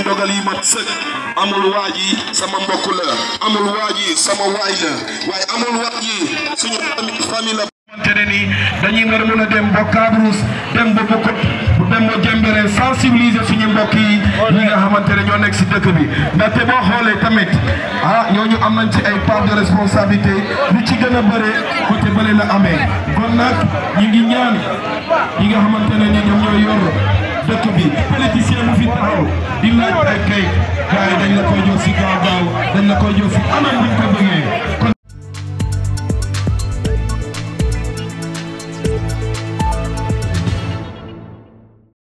jël ndogal yi mat sëkk amul waaj yi sama mbokk la amul waaj yi sama waay la waaye amul waaj yi la xamante ne nii dañuy war mën a dem ba Kabrousse dem ba Bokot dem ba Jembere sensibiliser suñu mbokk yi ñi nga xamante ne ñoo nekk si dëkk bi ndaxte boo xoolee tamit ah ñooñu am nañ ci ay part de responsabilité bi ci gën a bëree côté bële la amee kon nag ngi ñaan ñi nga xamante dëkk bi politicien bu fi taxaw di laaj ay kayit gars yi dañ la koy jox si gaaw gaaw dañ la koy jox si anam bi